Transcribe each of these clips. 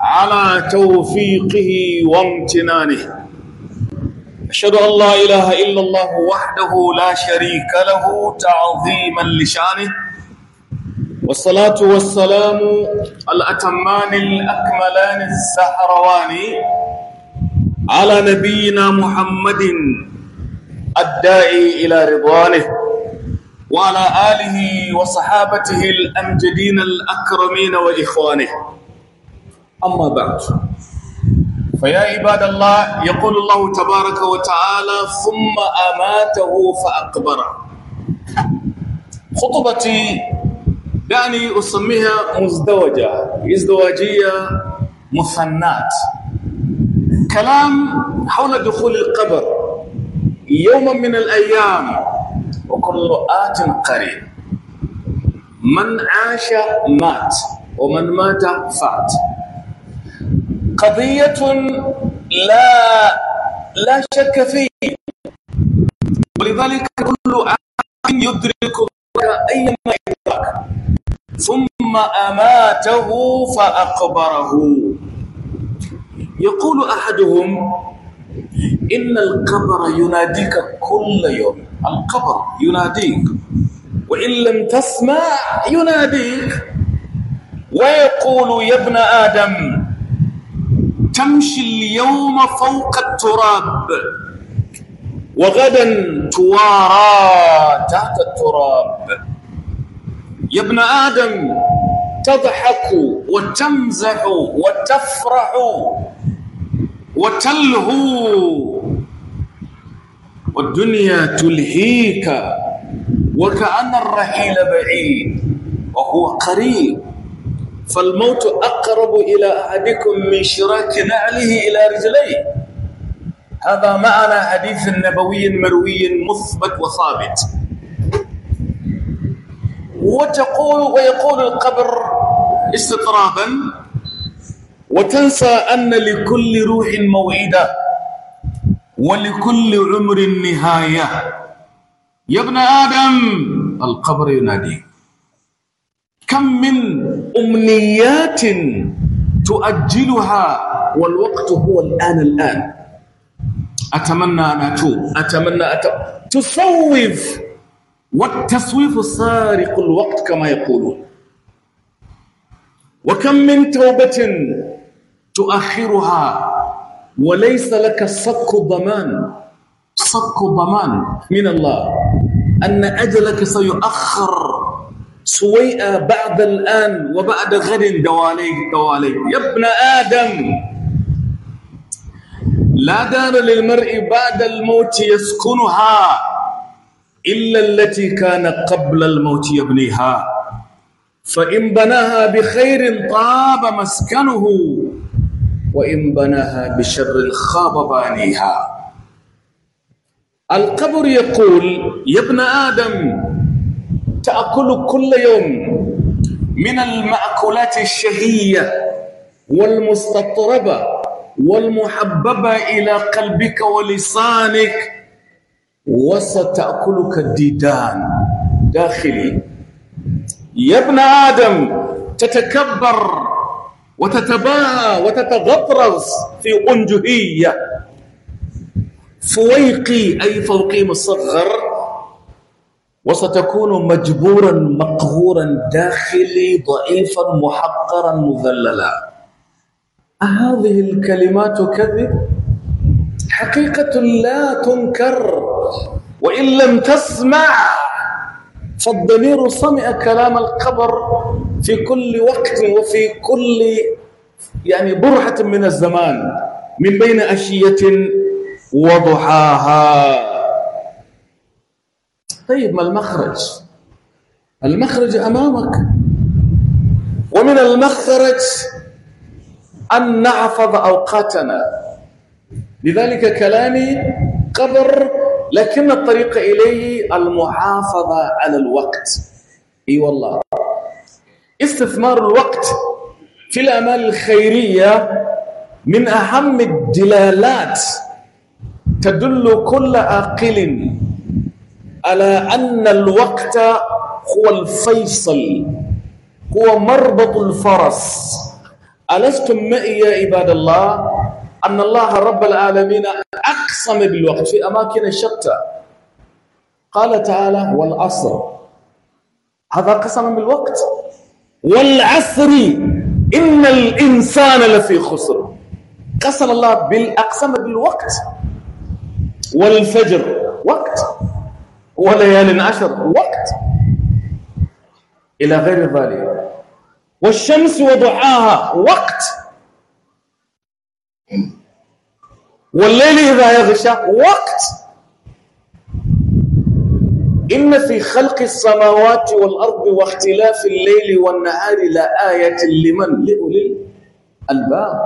على توفيقه وامتنانه أشهد أن لا إله إلا الله وحده لا شريك له تعظيما لشانه والصلاة والسلام الأتمان الأكملان الزهروان على نبينا محمد الداعي إلى رضوانه وعلى آله وصحابته الأمجدين الأكرمين وإخوانه أما بعد فيا عباد الله يقول الله تبارك وتعالى ثم أماته فأقبره خطبتي دعني أسميها مزدوجة ازدواجية مثنات كلام حول دخول القبر يوما من الأيام وكل آت قريب من عاش مات ومن مات فات قضية لا لا شك فيه ولذلك كل عام يدرك أينما يدرك ثم أماته فأقبره يقول أحدهم إن القبر يناديك كل يوم القبر يناديك وإن لم تسمع يناديك ويقول يا ابن آدم تمشي اليوم فوق التراب وغدا توارى تحت التراب يا ابن آدم تضحك وتمزح وتفرح وتلهو والدنيا تلهيك وكأن الرحيل بعيد وهو قريب فالموت أقرب إلى أحدكم من شراك نعله إلى رجليه هذا معنى حديث نبوي مروي مثبت وثابت وتقول ويقول القبر استطرابا وتنسى أن لكل روح موعدة ولكل عمر نهاية يا ابن آدم القبر يناديك كم من أمنيات تؤجلها والوقت هو الآن الآن أتمنى أن أتوب أتمنى أتوب تصوف والتصويف سارق الوقت كما يقولون وكم من توبة تؤخرها وليس لك صك ضمان صك ضمان من الله أن أجلك سيؤخر سويئة بعد الآن وبعد غد دواليك دواليك يا ابن آدم لا دار للمرء بعد الموت يسكنها إلا التي كان قبل الموت يبنيها فإن بناها بخير طاب مسكنه وإن بناها بشر خاب بانيها القبر يقول يا ابن آدم تأكل كل يوم من المأكولات الشهية والمستطربة والمحببة إلى قلبك ولسانك وستأكلك الديدان داخلي يا ابن آدم تتكبر وتتباهى وتتغطرس في أنجهية فويقي أي فوقي مصغر وستكون مجبورا مقهورا داخلي ضعيفا محقرا مذللا هذه الكلمات كذب حقيقة لا تنكر وإن لم تسمع فالضمير سمع كلام القبر في كل وقت وفي كل يعني برهة من الزمان من بين أشية وضحاها طيب ما المخرج المخرج أمامك ومن المخرج أن نحفظ أوقاتنا لذلك كلامي قبر لكن الطريق إليه المحافظة على الوقت اي والله استثمار الوقت في الأعمال الخيرية من أهم الدلالات تدل كل عاقل على أن الوقت هو الفيصل هو مربط الفرس ألستم معي يا عباد الله أن الله رب العالمين أقسم بالوقت في أماكن شتى قال تعالى والعصر هذا قسم بالوقت والعصر إن الإنسان لفي خسر قسم الله بالأقسم بالوقت والفجر وقت وليال عشر وقت إلى غير ذلك والشمس وضحاها وقت والليل إذا يغشى وقت إن في خلق السماوات والأرض واختلاف الليل والنهار لآية لمن لأولي الألباب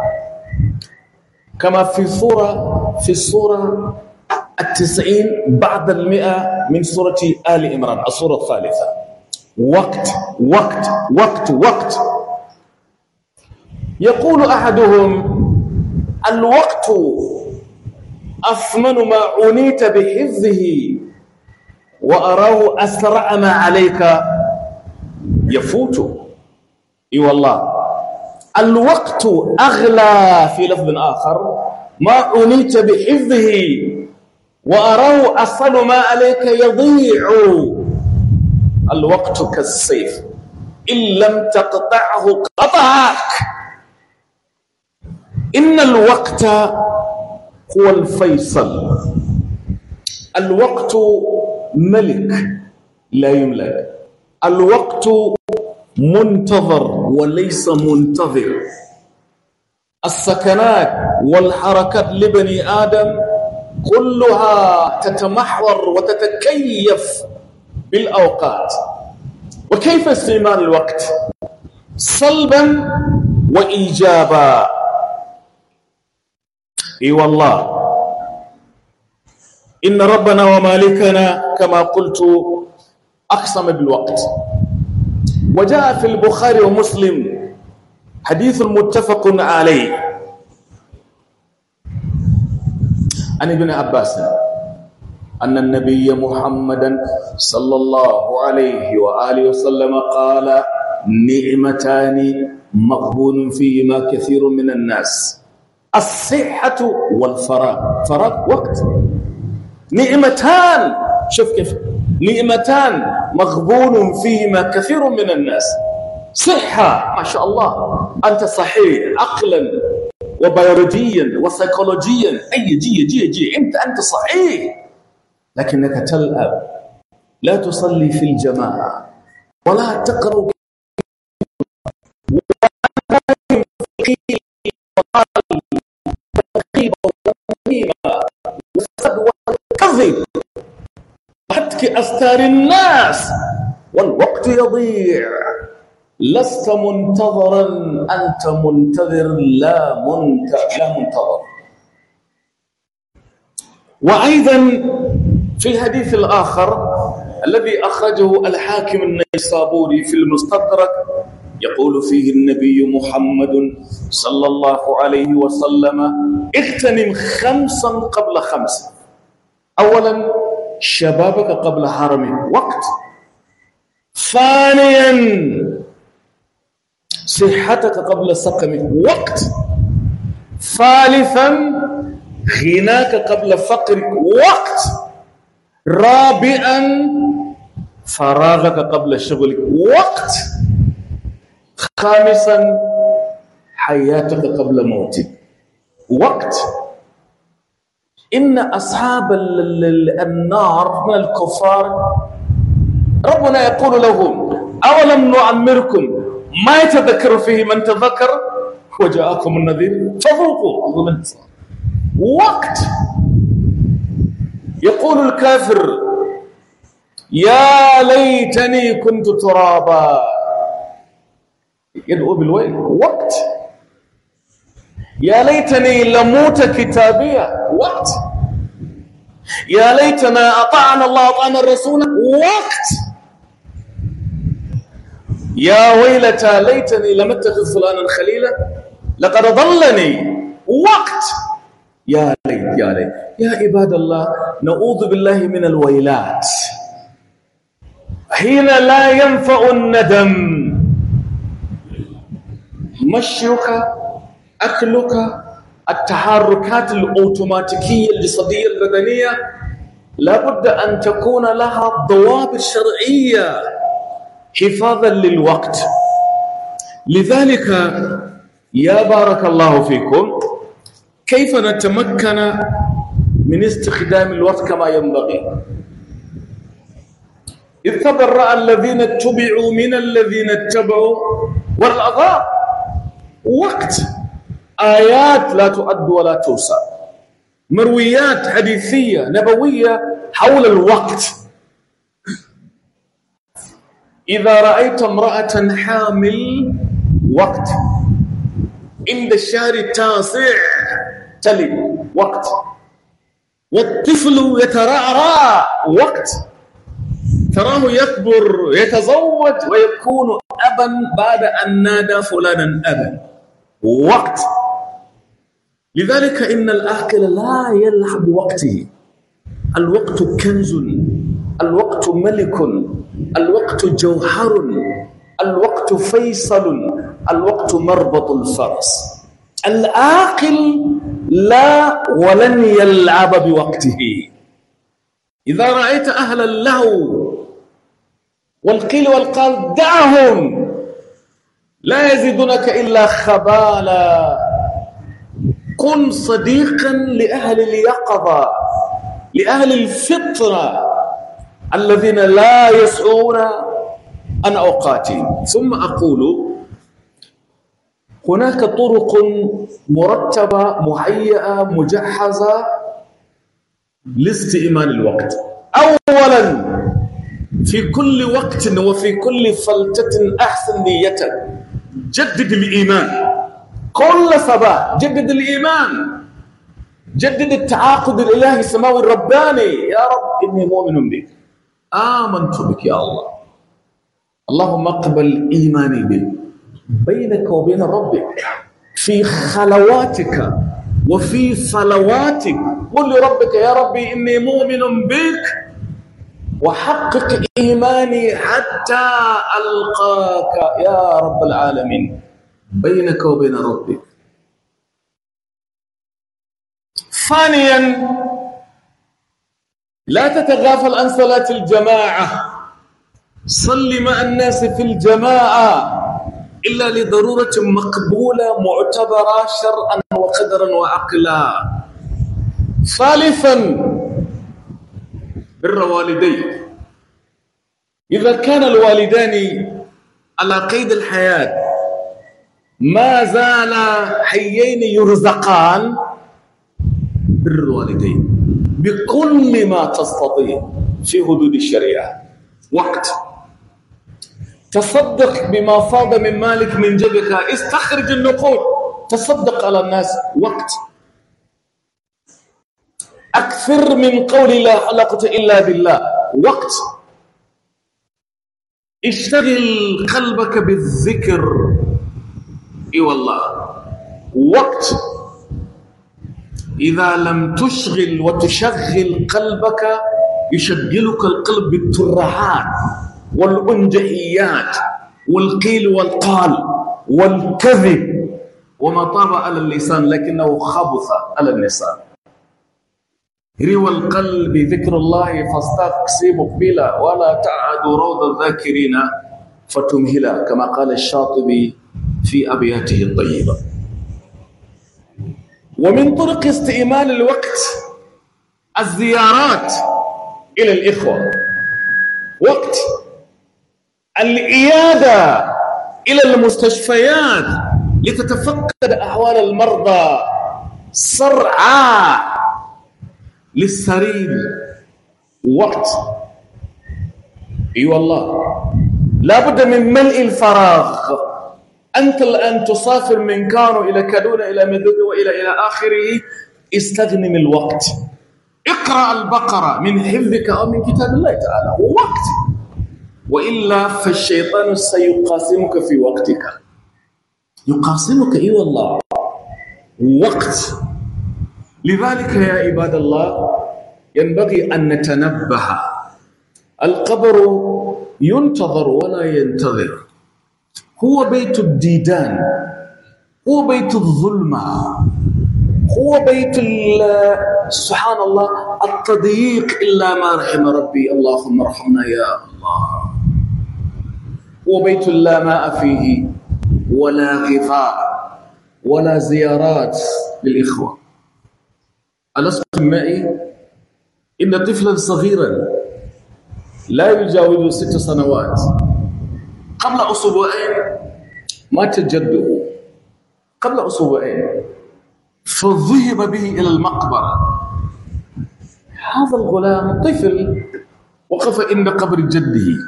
كما في سورة في الصورة التسعين بعد المئة من سورة آل إمران السورة الثالثة وقت وقت وقت وقت يقول أحدهم الوقت أثمن ما عنيت بحفظه وأراه أسرع ما عليك يفوت اي والله الوقت أغلى في لفظ آخر ما عنيت بحفظه وأراه أصل ما عليك يضيع الوقت كالسيف إن لم تقطعه قطعك إن الوقت هو الفيصل الوقت ملك لا يملك الوقت منتظر وليس منتظر السكنات والحركات لبني آدم كلها تتمحور وتتكيف بالأوقات وكيف استعمال الوقت صلبا وإيجابا اي والله إن ربنا ومالكنا كما قلت أقسم بالوقت وجاء في البخاري ومسلم حديث متفق عليه عن ابن عباس أن النبي محمدا صلى الله عليه وآله وسلم قال نعمتان مغبون فيهما كثير من الناس الصحة والفراغ فراغ وقت نعمتان شوف كيف نعمتان مغبون فيهما كثير من الناس صحة ما شاء الله أنت صحيح عقلا وبيولوجيا وسيكولوجيا أي جي جي جي أنت أنت صحيح لكنك تلأب لا تصلي في الجماعة ولا تقرأ والكذب وحتك أستار الناس والوقت يضيع لست منتظرا أنت منتظر لا منتظر وأيضا في الحديث الآخر الذي أخرجه الحاكم النيسابوري في المستدرك يقول فيه النبي محمد صلى الله عليه وسلم اغتنم خمسا قبل خمس أولا شبابك قبل هرمك وقت ثانيا صحتك قبل السقم وقت ثالثا غناك قبل فقرك وقت رابعا فراغك قبل شغلك وقت خامسا حياتك قبل موتك وقت إن أصحاب النار من الكفار ربنا يقول لهم أولم نعمركم ما يتذكر فيه من تذكر وجاءكم النذير فذوقوا عظم الانتصار وقت يقول الكافر يا ليتني كنت ترابا يدعو بالويل وقت يا ليتني لموت كتابية وقت يا ليتنا أطعنا الله وأطعنا الرسول وقت يا ويلتى ليتني لم اتخذ فلانا خليلا لقد ضلني وقت يا ليت يا ليت يا عباد الله نعوذ بالله من الويلات حين لا ينفع الندم مشيك أكلك التحركات الأوتوماتيكية الجسدية البدنية لابد أن تكون لها ضوابط شرعية حفاظا للوقت لذلك يا بارك الله فيكم كيف نتمكن من استخدام الوقت كما ينبغي إذ تبرأ الذين اتبعوا من الذين اتبعوا والأضاء وقت آيات لا تؤد ولا توسع مرويات حديثية نبوية حول الوقت إذا رأيت امرأة حامل وقت عند الشهر التاسع تلد وقت والطفل يترعرع وقت تراه يكبر يتزوج ويكون أبا بعد أن نادى فلانا أبا وقت لذلك إن الأكل لا يلعب وقته الوقت كنز الوقت ملك الوقت جوهر الوقت فيصل الوقت مربط الفرس العاقل لا ولن يلعب بوقته إذا رأيت أهل اللهو والقيل والقال دعهم لا يزيدونك إلا خبالا كن صديقا لأهل اليقظة لأهل الفطرة الذين لا يسعون أن أقاتل ثم أقول هناك طرق مرتبة مهيئة مجهزة لاستئمان الوقت أولا في كل وقت وفي كل فلتة أحسن نية جدد الإيمان كل صباح جدد الإيمان جدد التعاقد الإلهي السماوي الرباني يا رب إني مؤمن بك آمنت بك يا الله اللهم اقبل إيماني بك بينك وبين ربك في خلواتك وفي صلواتك قل لربك يا ربي إني مؤمن بك وحقق إيماني حتى ألقاك يا رب العالمين بينك وبين ربك ثانيا لا تتغافل عن صلاة الجماعة صل مع الناس في الجماعة إلا لضرورة مقبولة معتبرة شرعا وقدرا وعقلا ثالثا بر والديك إذا كان الوالدان على قيد الحياة ما زالا حيين يرزقان بر الوالدين بكل ما تستطيع في حدود الشريعه وقت تصدق بما فاض من مالك من جبك استخرج النقود تصدق على الناس وقت أكثر من قول لا حلقة إلا بالله وقت اشتغل قلبك بالذكر اي والله وقت إذا لم تشغل وتشغل قلبك يشغلك القلب بالترعات والأنجهيات والقيل والقال والكذب وما طاب على اللسان لكنه خبث على اللسان روى القلب ذكر الله فاستقسي مقبلا ولا تعد روض الذاكرين فتمهلا كما قال الشاطبي في أبياته الطيبة ومن طرق استئمال الوقت الزيارات إلى الإخوة وقت الإيادة إلى المستشفيات لتتفقد أحوال المرضى سرعا للسرير وقت أي أيوة والله لابد من ملء الفراغ أنت الآن تسافر من كانو إلى كادونا إلى مدد وإلى إلى آخره استغنم الوقت اقرأ البقرة من حفظك أو من كتاب الله تعالى ووقت وإلا فالشيطان سيقاسمك في وقتك يقاسمك إي والله وقت لذلك يا عباد الله ينبغي أن نتنبه القبر ينتظر ولا ينتظر هو بيت الديدان هو بيت الظلمة هو بيت سبحان الله التضييق إلا ما رحم ربي اللهم ارحمنا يا الله هو بيت لا ماء فيه ولا غفاء ولا زيارات للإخوة ألست مائي إن طفلا صغيرا لا يجاوز ست سنوات قبل أسبوعين مات جده قبل أسبوعين فذهب به إلى المقبرة هذا الغلام طفل وقف عند قبر جده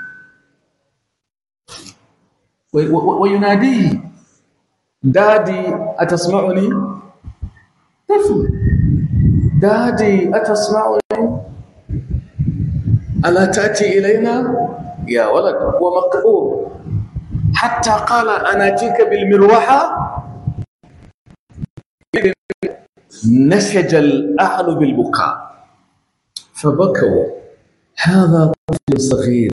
ويناديه دادي أتسمعني؟ طفل دادي أتسمعني؟ ألا تأتي إلينا؟ يا ولد هو مقبول حتى قال أنا أتيك بالمروحة نسج الأهل بالبكاء فبكوا هذا طفل صغير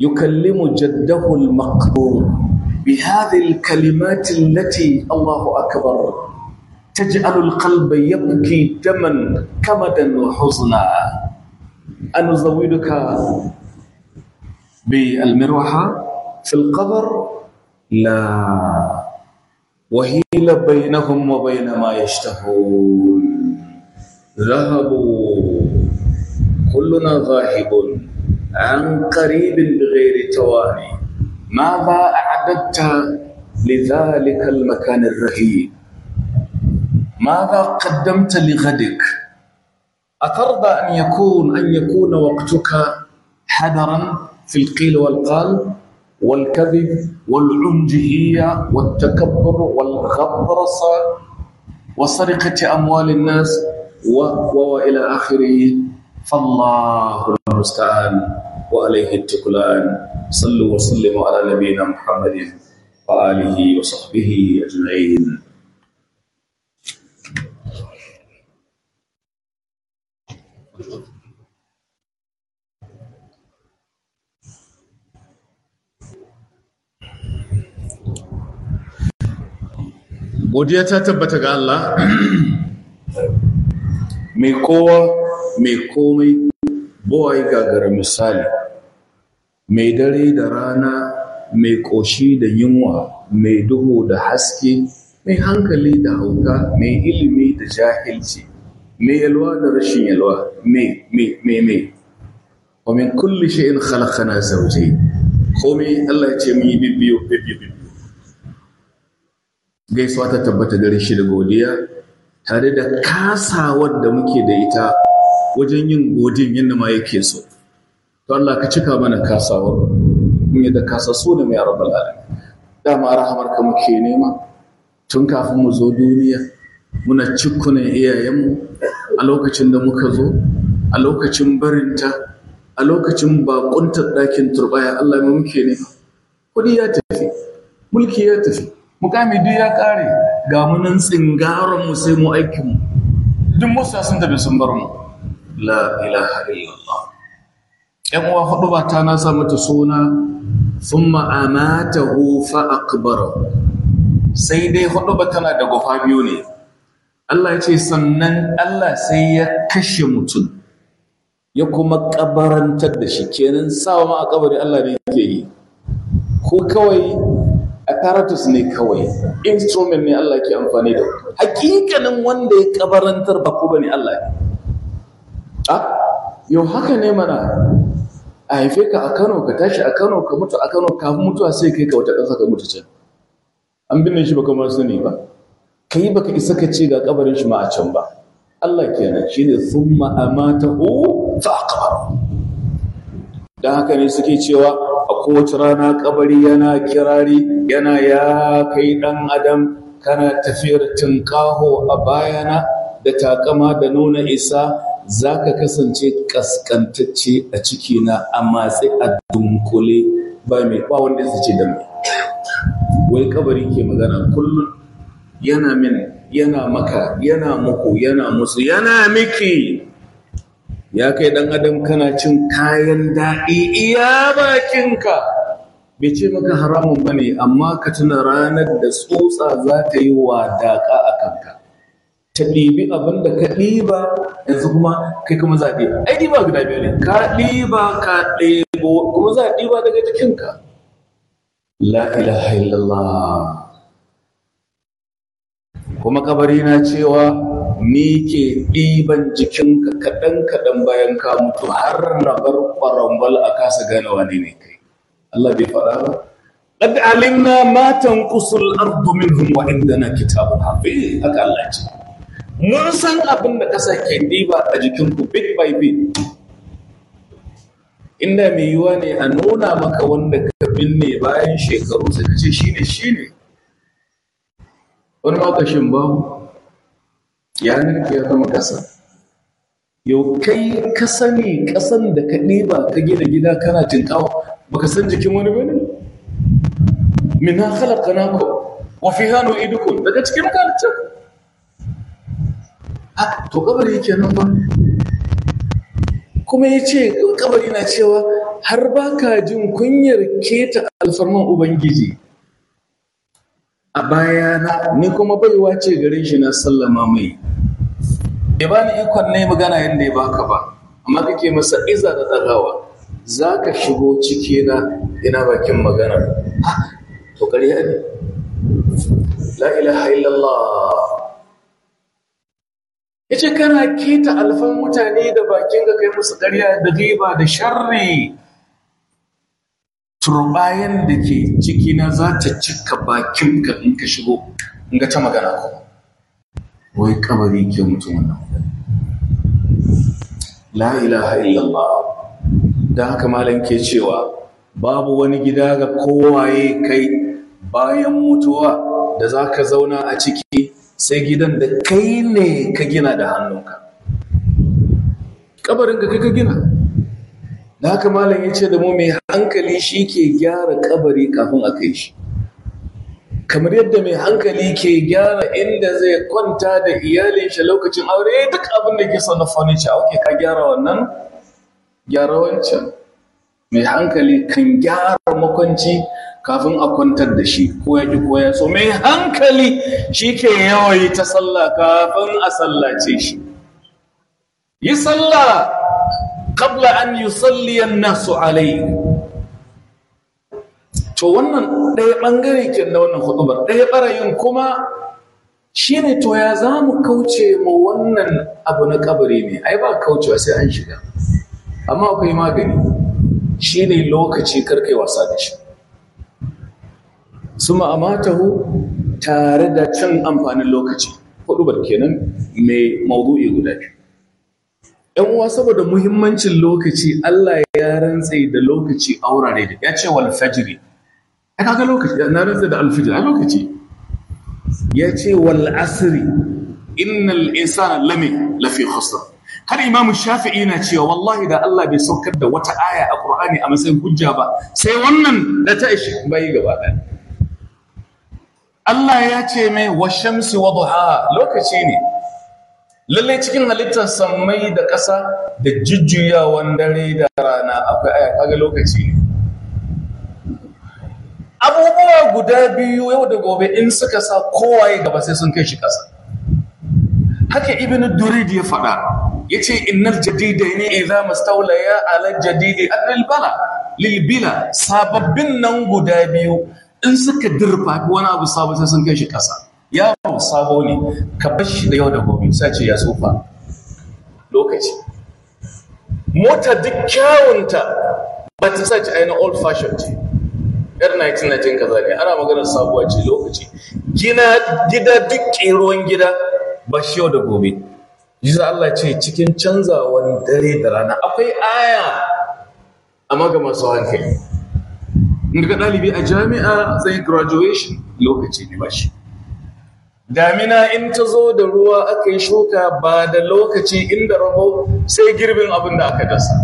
يكلم جده المقبول بهذه الكلمات التي الله أكبر تجعل القلب يبكي دما كمدا وحزنا أنزودك بالمروحة في القبر لا وهيل بينهم وبين ما يشتهون ذهبوا كلنا ذاهب عن قريب بغير تواني ماذا أعددت لذلك المكان الرهيب ماذا قدمت لغدك أترضى أن يكون أن يكون وقتك حذرا في القيل والقال والكذب والعنجهية والتكبر والغطرسة وسرقة أموال الناس وإلى آخره فالله المستعان وعليه التكلان صلوا وسلموا على نبينا محمد وآله وصحبه أجمعين Thank you. godiya ta tabbata ga Allah mai kowa mai komai buwaye gagara misali mai dare da rana mai ƙoshi da yunwa mai duhu da haske mai hankali da hauka mai ilimi da jahilci mai yalwa da rashin yalwa mai mai mai mai wa min kulli shay'in khalaqana zawjayn komai Allah ya ce mun yi bibbiyo bibbiyo gaisuwa ta tabbata gare shi da godiya tare da kasawar da muke da ita wajen yin godin yadda ma yake so to Allah ka cika mana kasawar mun da kasa so da mai rabbal alamin dama rahamar ka muke nema tun kafin mu zo duniya muna cikkunan iyayenmu a lokacin da muka zo a lokacin barinta a lokacin bakuntar ɗakin turbaya Allah mai muke nema kuɗi ya tafi mulki ya tafi mukami duk ya kare ga munin tsingaron mu sai mu aikin mu duk musa sun tafi sun bar mu la ilaha illallah yan uwa hudu ba ta na sa mata suna thumma amatahu fa akbara sai dai hudu ba tana da gofa biyu ne Allah ya ce sannan Allah sai ya kashe mutum ya kuma kabarantar da shi kenan sawa ma a kabari Allah ne yake yi ko kawai apparatus ne kawai instrument ne Allah ke amfani da hakikanin wanda ya kabarantar ba ku bane Allah a ah, yau haka ne mana a haife ka a Kano ka tashi a Kano ka mutu a Kano kafin mutuwa sai kai ka wata ƙasa ka mutu can an binne shi baka ma sani ba kai baka isa ka ce ga kabarin shi ma a can ba Allah kenan shine thumma amatahu fa aqbara dan haka ne suke cewa a kowace rana kabari yana kirari yana ya kai dan adam kana tafiyar tinkaho a bayana da takama da nuna isa za ka kasance kaskantacce a cikina a matsi a dunkule ba mai ba wanda su ce da wai kabari ke magana kullum yana min yana maka yana muku yana musu yana miki ya kai ɗan adam kana cin kayan daɗi iya bakinka bai ce maka haramun ba ne amma ka tuna ranar da tsotsa za ta yi wadaƙa a kanka ta ɗibi abin da ka ɗiba yanzu kuma kai kuma za ɗiba ai ɗiba guda biyu ne ka ɗiba ka ɗebo kuma za ɗiba daga jikinka la ilaha illallah kuma kabari na cewa ni ke ɗiban jikinka kaɗan kaɗan bayan ka mutu har na bar ƙwarambal a kasa gane wani ne kai Allah bai faɗa ba قد علمنا ما تنقص الأرض منهم وعندنا كتاب haka Allah ce mun san abin da ƙasa ke ɗiba a jikinku bit by bit inda mai yiwa ne a nuna maka wanda ka binne bayan shekaru sai ka ce shi ne wani lokacin ba ya nufi ya zama ƙasa yau kai ka sani ƙasan da ka ɗiba ka gina gida kana Ba ka san jikin wani bane na Ku wa hannu idukun daga cikin kalcin ah to kabari yake nan ba kuma ya ce kabari na cewa har ba ka jin kunyar keta alfarman ubangiji a bayana ni kuma baiwa ce garin shi na sallama mai ya ni ikon ne magana yadda ya baka ba amma kake masa iza da tsagawa za ka shigo ciki na ina bakin magana to ƙarya ne la ilaha ya ce kana keta alfan mutane da bakin ga kai musu ƙarya da riba da sharri turbayan da ke cikina za ta cika bakinka in ka shigo in ga ta magana ko wai kabari ke mutum wannan la ilaha illallah da haka malam ke cewa babu wani gida ga kowaye kai bayan mutuwa da za ka zauna a ciki sai gidan da kai ne ka gina da hannunka kabarin ka ka gina da haka malam ya ce da mu mai hankali shi ke gyara kabari kafin a kai shi kamar yadda mai hankali ke gyara inda zai kwanta da iyalin shi lokacin aure duk abin da ke son na furniture ok ka gyara wannan gyara wancan mai hankali kan gyara makwanci kafin a kwantar da shi ko ya ki ko ya so mai hankali shi ke yawai ta sallah kafin a sallace shi yi sallah qabla an yusalli an-nasu alayhi to wannan ɗaya bangare ke da wannan hudubar ɗaya ɓarayin kuma shine to ya zamu kauce ma wannan abu na kabari ne ai ba kaucewa sai an shiga amma akwai magani shine lokaci karkai wasa da shi suma amatahu tare da cin amfanin lokaci hudubar kenan mai mawdu'i guda biyu ‘yan uwa saboda muhimmancin lokaci Allah ya rantse da lokaci a wurare da ya ce wal fajri ya kaga lokaci na rantse da alfajiri a lokaci ya ce wal asri innal insana lami lafi khusr har imam shafi'i na cewa wallahi da Allah bai saukar da wata aya a qur'ani a matsayin hujja ba sai wannan da ta ishi bai gaba ɗaya Allah ya ce mai wa shamsi wa duha lokaci ne lallai cikin halittar sammai da ƙasa da jujjuyawan dare da rana akwai aya kaga lokaci ne abubuwa guda biyu yau da gobe in suka sa kowaye gaba sai sun kai shi ƙasa haka ibn durid ya faɗa ya ce innar jadida ne idza mastaulaya ala jadidi adril bala lilbila sababbin nan guda biyu in suka dirfa wani abu sabu sai sun kai shi ƙasa yaro sabo ne ka bashi da yau da gobe sai ce ya tsufa lokaci mota duk kyawunta ba ta sace aina ainihin old fashion ce yar 1919 kaza ne ana maganar sabuwa ce lokaci gina gida duk kiruwan gida ba shi yau da gobe jiza Allah ce cikin wani dare da rana akwai aya a magama su hankali inda ɗalibi a jami'a zai graduation lokaci ne ba shi damina in ta zo da ruwa aka yi shuka ba da lokaci inda rabo sai girbin abin da aka dasa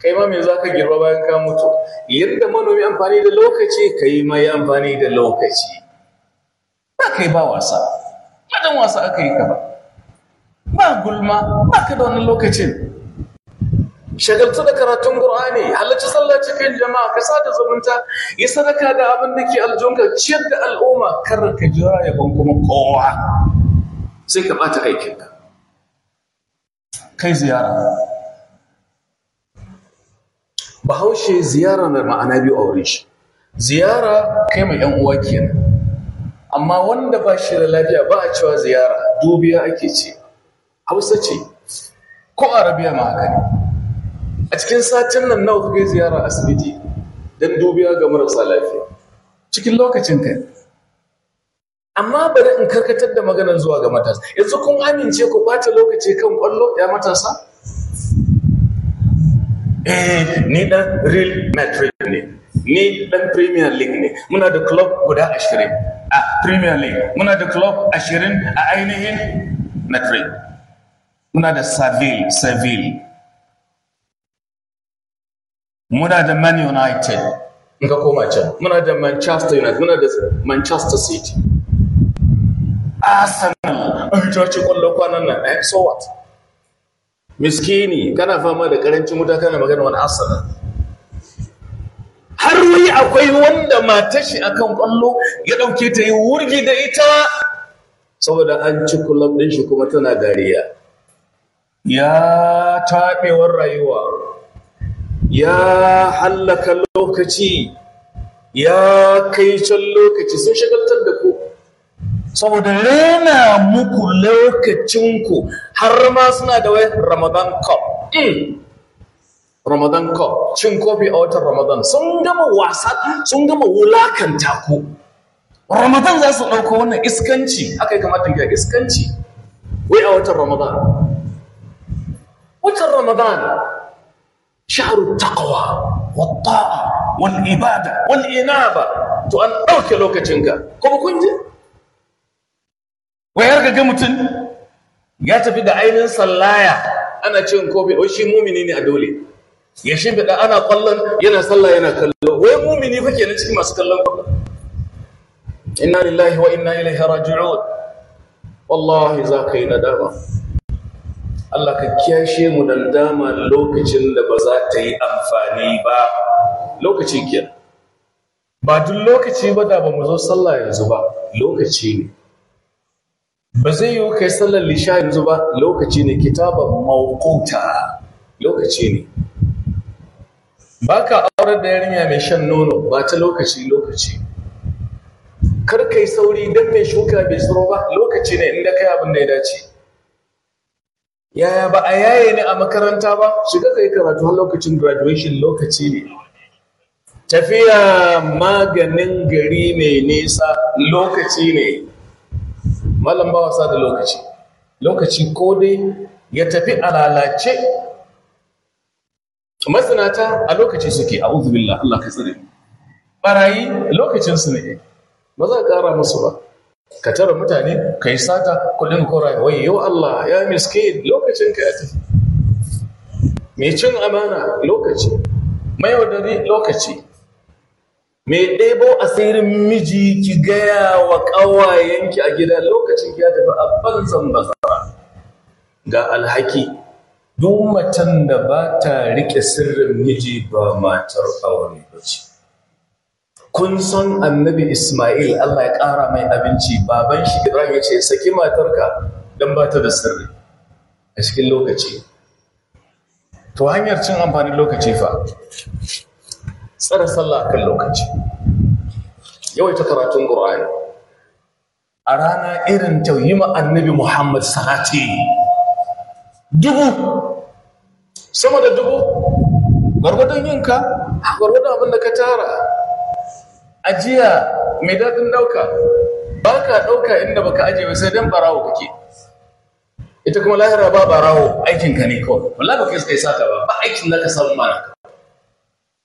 kai ma mai za ka girba bayan ka mutu yadda manomi amfani da lokaci ka yi mai amfani da lokaci ba yi ba wasa ba dan wasa aka yi ka ba ba gulma ba ka da wannan lokacin shagaltu da karatun Qur'ani halacci sallah cikin jama'a ka sada zumunta yi sadaka da abin da ke aljunka ciyar da al'umma kar ka jira ban kuma kowa sai ka bata aikin ka. kai ziyara bahaushe ziyara na ma'ana biyu a wurin shi ziyara kai mai yan uwa kenan amma wanda ba shi da lafiya ba a cewa ziyara dubiya ake ce hausa ce ko arabiya ma haka ne a cikin satin nan na kai ziyara asibiti don dubiya ga marasa lafiya cikin lokacin kai amma bari in karkatar da maganar zuwa ga matasa yanzu kun amince ku bata lokaci kan kwallo ya matasa eh ni dan real madrid ne ni dan premier league ne muna da club guda ashirin a premier league muna da club ashirin a ainihin madrid muna da seville seville muna da man united in ka koma can muna da manchester united muna da manchester city arsenal ta ce kwallon kwanan nan eh so what miskini kana fama da karancin wuta kana magana wani arsenal har wai akwai wanda matar shi akan kwallo ya ɗauke ta yi wurgi da ita saboda an ci kullum din shi kuma tana dariya ya taɓewar rayuwa ya hallaka lokaci ya kai can lokaci sun shagaltar da ku saboda rena muku lokacinku har ma suna da wai ramadan cup hmm. ramadan cup cin kofi a watan ramadan sun gama wasa sun gama wulakanta ku ramadan za su ɗauka wannan iskanci haka ya kamata ga iskanci wai a watan ramadan watan ramadan Shahar شهر التقوى ibada. والإبادة inaba. to an ɗauke lokacinka kuma kun je wayar ga mutum ya tafi da ainihin sallaya ana cin kofi o shi mumini ne a dole ya shimfiɗa ana ƙwallon yana sallah yana kallon. wai mumini fa kenan cikin masu kallon ƙwallon inna lillahi wa inna ilaihi raji'un wallahi za ka yi dama. Allah ka kiyashe mu dan dama lokacin da ba za ta yi amfani ba lokaci kenan ba duk lokaci ba da ba mu zo sallah yanzu ba lokaci ne ba zai yi kai sallar lisha yanzu ba lokaci ne kitabar mawquta lokaci ne ba ka aurar da yarinya mai shan nono ba ta lokaci lokaci kar kai sauri don mai shuka bai tsoro ba lokaci ne inda kai abin da ya dace yaya ba a yaye ni a makaranta ba shiga kai karatu har lokacin graduation lokaci ne tafiya maganin gari mai nesa lokaci ne malam ba wasa da lokaci lokaci ko dai ya tafi a lalace masanata a lokaci suke a uzubillah Allah ka tsare barayi lokacinsu ne ba za a ƙara musu ba ka tara mutane ka yi sata kuɗin kora wai yau Allah ya miskin lokacin ka ya mai cin amana lokaci mai wadari lokaci mai ɗebo asirin miji ki gaya wa ƙawayenki a gida lokacin ki ya tafi a banzan bazara ga alhaki duk matan da ba ta riƙe sirrin miji ba matar aure ba ce kun san annabi Ismail Allah ya ƙara mai abinci baban shi Ibrahim ya ce saki matarka don ba ta da sirri a cikin lokaci to hanyar cin amfanin lokaci fa tsara sallah kan lokaci yawaita karatun Ƙur'ani. a rana irin ta yi annabi Muhammad Sarati. dubu sama da dubu gwargwadon yinka gwargwadon abin da ka tara ajiya mai daɗin ɗauka ba ka ɗauka inda baka aje ba sai don barawo kake ita kuma lahira ba barawo aikinka ne kawai wala ba kai sata ba ba aikin da ka samu mana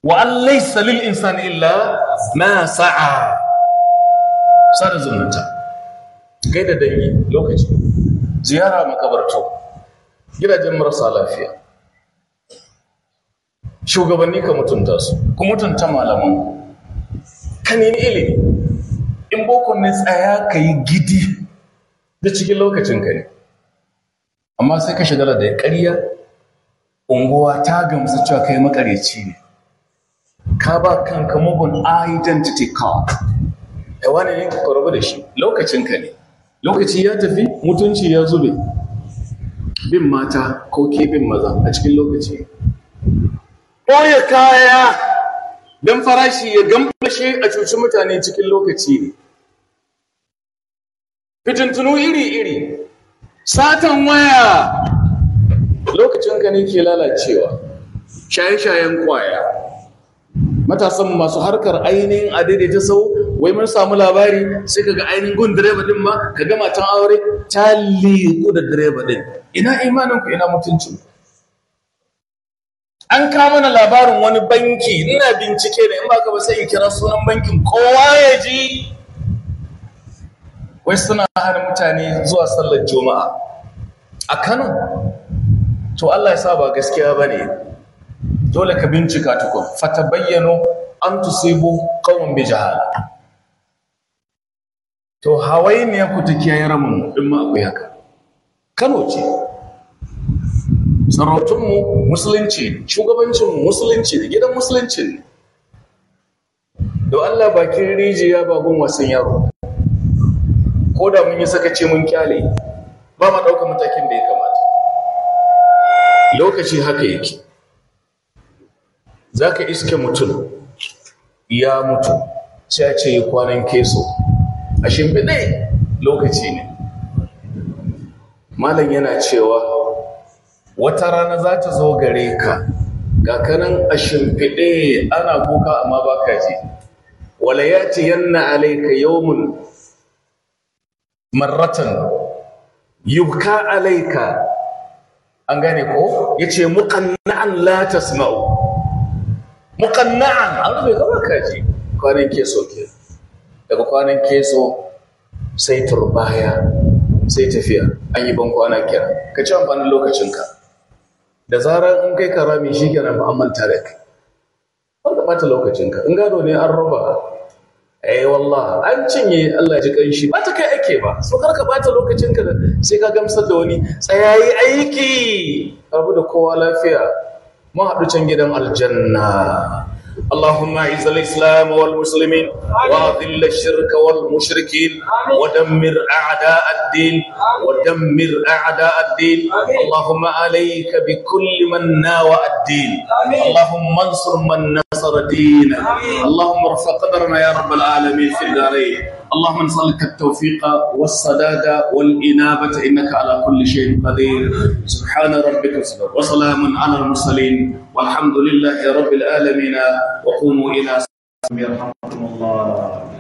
wa an laysa lil insani illa ma sa'a sada zumunta gaida dangi lokaci ziyara makabarto gidajen marasa lafiya shugabanni ka mutunta su ku mutunta malaman ka nemi ilimi in boko ne tsaya ka yi gidi da cikin lokacin ka ne amma sai ka shagala da ya ƙarya unguwa ta gamsu cewa ka yi makareci ne ka ba kanka mugun identity card da wani ne ka da shi lokacin ka ne lokaci ya tafi mutunci ya zube bin mata ko ke bin maza a cikin lokaci ɓoye kaya don farashi ya gambashe a cuci mutane cikin lokaci ne fitintunu iri-iri satan waya lokacinka ne ke lalacewa shaye-shayen kwaya matasan masu harkar ainihin ta sau wai mun samu labari sai kaga ainihin gun direba din ma gama matan aure ta liku da direba din ina imanin ina mutuncin an kama na labarin wani banki ina bincike da in ba ka ba sai in kira sunan bankin kowa ya ji wai suna hana mutane zuwa sallar juma'a a kano to allah ya sa ba gaskiya ba ne dole ka bincika tukun fata bayyano an tusibu kawon bi jahala to hawaii ne ku ta kiyaye ramin ɗin ma akwai haka kano ce sarautunmu musulunci ne shugabancin musulunci da gidan musulunci ne. don Allah bakin rijiya ba gun wasan yaro ko da mun yi ce mun kyale ba ma ɗaukar matakin da ya kamata lokaci haka yake za ka iske mutum ya mutu sai ce yi kwanan keso a shimfiɗe lokaci ne malam yana cewa wata rana za ta zo gare ka ga kanin a shimfiɗe ana kuka amma ba ka ji wala ya ce yanna alaika yawmun marratan yubka alaika an gane ko ya ce muƙanna'an la sma'u muƙanna'an an rufe gaba ka ji kwanan keso ke daga kwanan keso sai turbaya sai tafiya an yi ban kwana kira ka ci amfanin lokacinka da zarar in kai karami shi kenan fa an manta wanda bata lokacinka in gado ne an raba eh wallah an cinye Allah ji kanshi ba ta kai ake ba so kar ka bata lokacinka sai ka gamsar da wani tsayayi aiki abu da kowa lafiya mun haɗu can gidan aljanna اللهم اعز الاسلام والمسلمين واذل الشرك والمشركين ودمر اعداء الدين ودمر اعداء الدين اللهم عليك بكل من ناوى الدين اللهم انصر من نصر دينك اللهم ارفع قدرنا يا رب العالمين في الدارين اللهم نسألك لك التوفيق والسداد والإنابة إنك على كل شيء قدير سبحان ربك وسلام على المرسلين والحمد لله رب العالمين وقوموا إلى يرحمكم الله